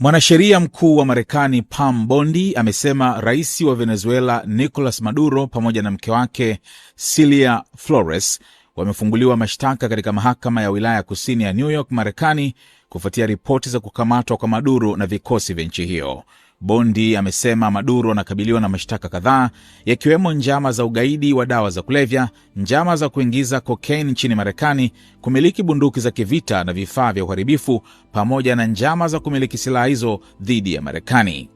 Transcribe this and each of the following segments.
Mwanasheria mkuu wa Marekani Pam Bondi amesema rais wa Venezuela Nicolas Maduro pamoja na mke wake silia Flores wamefunguliwa mashtaka katika mahakama ya wilaya kusini ya New York, Marekani, kufuatia ripoti za kukamatwa kwa Maduro na vikosi vya nchi hiyo. Bondi amesema Maduro anakabiliwa na mashtaka kadhaa yakiwemo njama za ugaidi wa dawa za kulevya, njama za kuingiza kokaini nchini Marekani, kumiliki bunduki za kivita na vifaa vya uharibifu, pamoja na njama za kumiliki silaha hizo dhidi ya Marekani.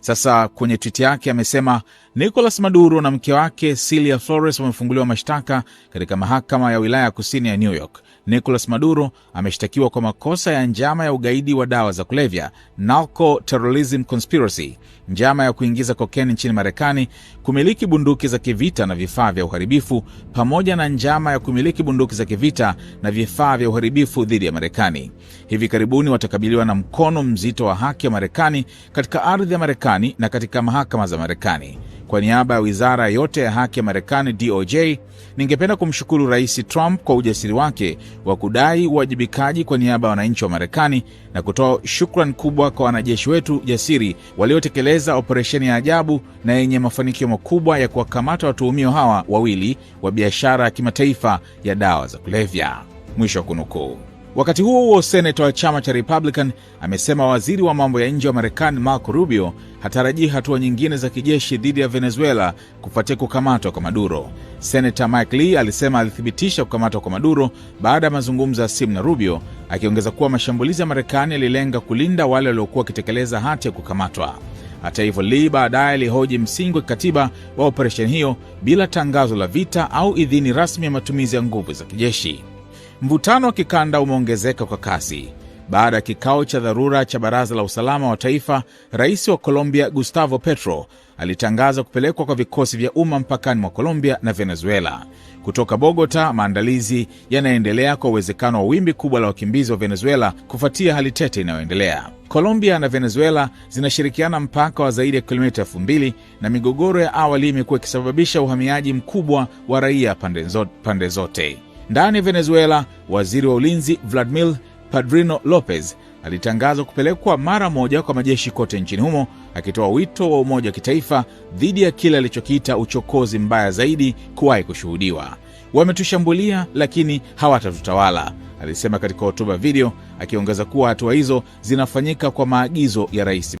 Sasa kwenye twiti yake amesema Nicolas Maduro na mke wake silia Flores wamefunguliwa mashtaka katika mahakama ya wilaya ya kusini ya New York. Nicolas Maduro ameshtakiwa kwa makosa ya njama ya ugaidi wa dawa za kulevya, narco terrorism conspiracy, njama ya kuingiza kokeni nchini Marekani, kumiliki bunduki za kivita na vifaa vya uharibifu, pamoja na njama ya kumiliki bunduki za kivita na vifaa vya uharibifu dhidi ya Marekani. Hivi karibuni watakabiliwa na mkono mzito wa haki ya Marekani katika ardhi ya Marekani na katika mahakama za Marekani. Kwa niaba ya wizara yote ya haki ya Marekani, DOJ, ningependa kumshukuru Rais Trump kwa ujasiri wake wa kudai uwajibikaji kwa niaba ya wananchi wa Marekani na kutoa shukrani kubwa kwa wanajeshi wetu jasiri waliotekeleza operesheni ya ajabu na yenye mafanikio makubwa ya kuwakamata watuhumiwa hawa wawili wa biashara ya kimataifa ya dawa za kulevya. Mwisho wa kunukuu. Wakati huo huo, seneta wa chama cha Republican amesema waziri wa mambo ya nje wa Marekani Marco Rubio hatarajii hatua nyingine za kijeshi dhidi ya Venezuela kufuatia kukamatwa kwa Maduro. senata Mike Lee alisema alithibitisha kukamatwa kwa Maduro baada ya mazungumzo ya simu na Rubio, akiongeza kuwa mashambulizi ya Marekani yalilenga kulinda wale waliokuwa wakitekeleza hati ya kukamatwa. Hata hivyo, Lee baadaye alihoji msingi wa kikatiba wa operesheni hiyo bila tangazo la vita au idhini rasmi ya matumizi ya nguvu za kijeshi. Mvutano wa kikanda umeongezeka kwa kasi baada ya kikao cha dharura cha Baraza la Usalama wa Taifa. Rais wa Colombia Gustavo Petro alitangaza kupelekwa kwa vikosi vya umma mpakani mwa Colombia na Venezuela. Kutoka Bogota, maandalizi yanaendelea kwa uwezekano wa wimbi kubwa la wakimbizi wa Venezuela kufuatia hali tete inayoendelea. Colombia na Venezuela zinashirikiana mpaka wa zaidi ya kilomita elfu mbili na migogoro ya awali imekuwa ikisababisha uhamiaji mkubwa wa raia pande zote. Ndani ya Venezuela, waziri wa ulinzi Vladimir Padrino Lopez alitangaza kupelekwa mara moja kwa majeshi kote nchini humo, akitoa wito wa umoja wa kitaifa dhidi ya kile alichokiita uchokozi mbaya zaidi kuwahi kushuhudiwa. Wametushambulia lakini hawatatutawala, alisema katika hotuba video, akiongeza kuwa hatua hizo zinafanyika kwa maagizo ya rais.